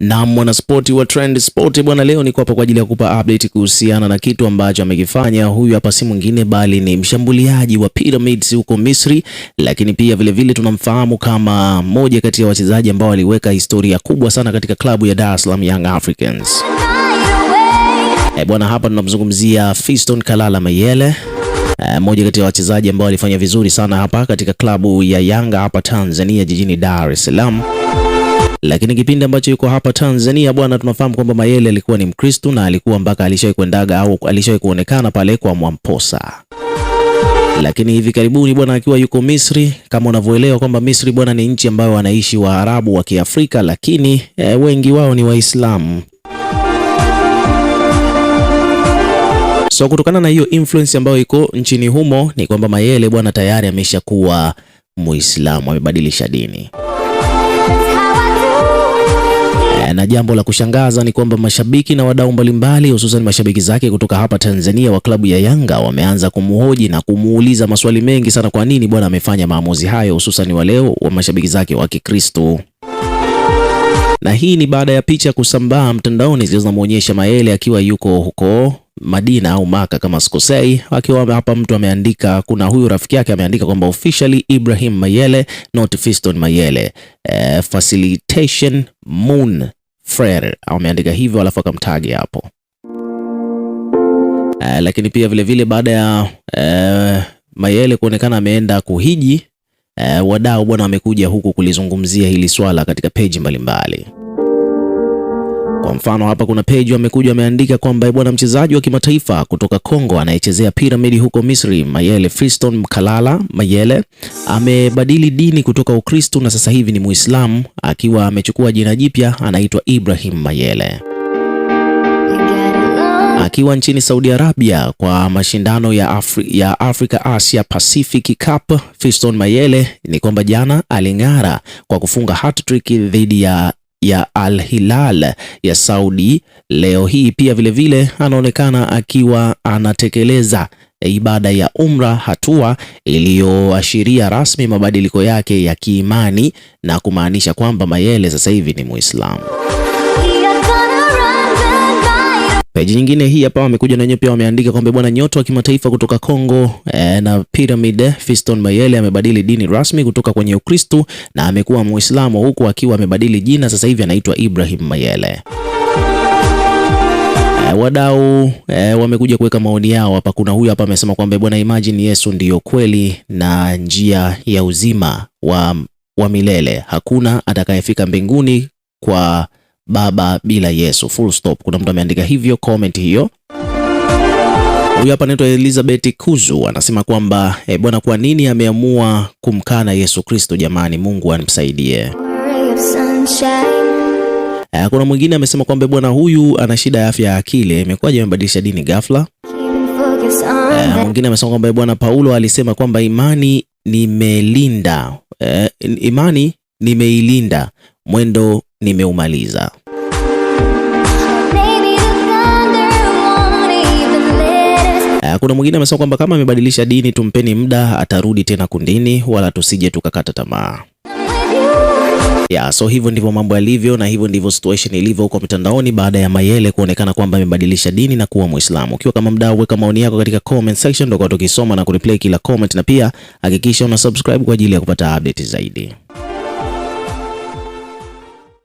Na mwanaspoti wa Trend Sport bwana, leo niko hapa kwa ajili ya kupa update kuhusiana na kitu ambacho amekifanya huyu hapa, si mwingine bali ni mshambuliaji wa Pyramids huko Misri, lakini pia vilevile vile tunamfahamu kama mmoja kati ya wachezaji ambao waliweka historia kubwa sana katika klabu ya Dar es Salaam Young Africans. E bwana, hapa tunamzungumzia Fiston Kalala Mayele, eh, mmoja kati ya wachezaji ambao walifanya vizuri sana hapa katika klabu ya Yanga hapa Tanzania jijini Dar es Salaam lakini kipindi ambacho yuko hapa Tanzania bwana, tunafahamu kwamba Mayele alikuwa ni Mkristo na alikuwa mpaka alishawahi kuendaga au alishawahi kuonekana pale kwa Mwamposa lakini hivi karibuni bwana akiwa yuko Misri, kama unavyoelewa kwamba Misri bwana ni nchi ambayo wanaishi Waarabu wa Kiafrika, lakini e, wengi wao ni Waislamu. So kutokana na hiyo influence ambayo iko nchini humo, ni kwamba Mayele bwana tayari ameshakuwa Muislamu, amebadilisha dini. Na jambo la kushangaza ni kwamba mashabiki na wadau mbalimbali, hususan mashabiki zake kutoka hapa Tanzania wa klabu ya Yanga wameanza kumhoji na kumuuliza maswali mengi sana, kwa nini bwana amefanya maamuzi hayo, hususan wa leo wa mashabiki zake wa Kikristo na hii ni baada ya picha kusambaa mtandaoni zilizomwonyesha Mayele akiwa yuko huko Madina au Maka kama sikosei, akiwa hapa. Mtu ameandika, kuna huyu rafiki yake ameandika kwamba officially Ibrahim Mayele not Fiston Mayele. eh, facilitation moon Frere ameandika hivyo, alafu akamtagi hapo. Uh, lakini pia vilevile vile baada ya uh, Mayele kuonekana ameenda kuhiji uh, wadau bwana wamekuja huku kulizungumzia hili swala katika peji mbalimbali. Kwa mfano hapa kuna peji wamekuja wameandika kwamba eh, bwana, mchezaji wa kimataifa kutoka Kongo anayechezea piramidi huko Misri, Mayele Fiston Mkalala Mayele amebadili dini kutoka Ukristo na sasa hivi ni Muislamu akiwa amechukua jina jipya, anaitwa Ibrahim Mayele. Akiwa nchini Saudi Arabia kwa mashindano ya, Afri ya Africa Asia Pacific Cup, Fiston Mayele ni kwamba jana aling'ara kwa kufunga hat-trick dhidi ya ya Al Hilal ya Saudi leo hii. Pia vilevile anaonekana akiwa anatekeleza ibada ya umra, hatua iliyoashiria rasmi mabadiliko yake ya kiimani na kumaanisha kwamba Mayele sasa hivi ni Muislamu. Peji nyingine hii hapa wamekuja na pia wameandika kwamba bwana nyota wa kimataifa kutoka Kongo eh, na Pyramid Fiston Mayele amebadili dini rasmi kutoka kwenye Ukristo na amekuwa Muislamu huku akiwa amebadili jina, sasa hivi anaitwa Ibrahim Mayele. Eh, wadau eh, wamekuja kuweka maoni yao hapa. Kuna huyu hapa amesema kwamba bwana, imagine Yesu ndiyo kweli na njia ya uzima wa, wa milele, hakuna atakayefika mbinguni kwa baba bila Yesu, full stop. Kuna mtu ameandika hivyo comment hiyo. Huyu hapa anaitwa Elizabeth Kuzu anasema kwamba e, bwana, kwa nini ameamua kumkana Yesu Kristo? Jamani, Mungu animsaidie. Eh, kuna mwingine amesema kwamba bwana, huyu ana shida ya afya ya akili, imekuwaje amebadilisha dini ghafla? Eh, mwingine amesema kwamba bwana, Paulo alisema kwamba imani nimelinda, e, imani nimeilinda mwendo nimeumaliza. Eh, kuna mwingine amesema kwamba kama amebadilisha dini, tumpeni muda, atarudi tena kundini, wala tusije tukakata tamaa. Yeah, so hivyo ndivyo mambo yalivyo na hivyo ndivyo situation ilivyo huko mitandaoni baada ya Mayele kuonekana kwamba amebadilisha dini na kuwa Muislamu. Ukiwa kama mdau, weka maoni yako katika comment section, ndio tukisoma na kureply kila comment, na pia hakikisha una subscribe kwa ajili ya kupata update zaidi.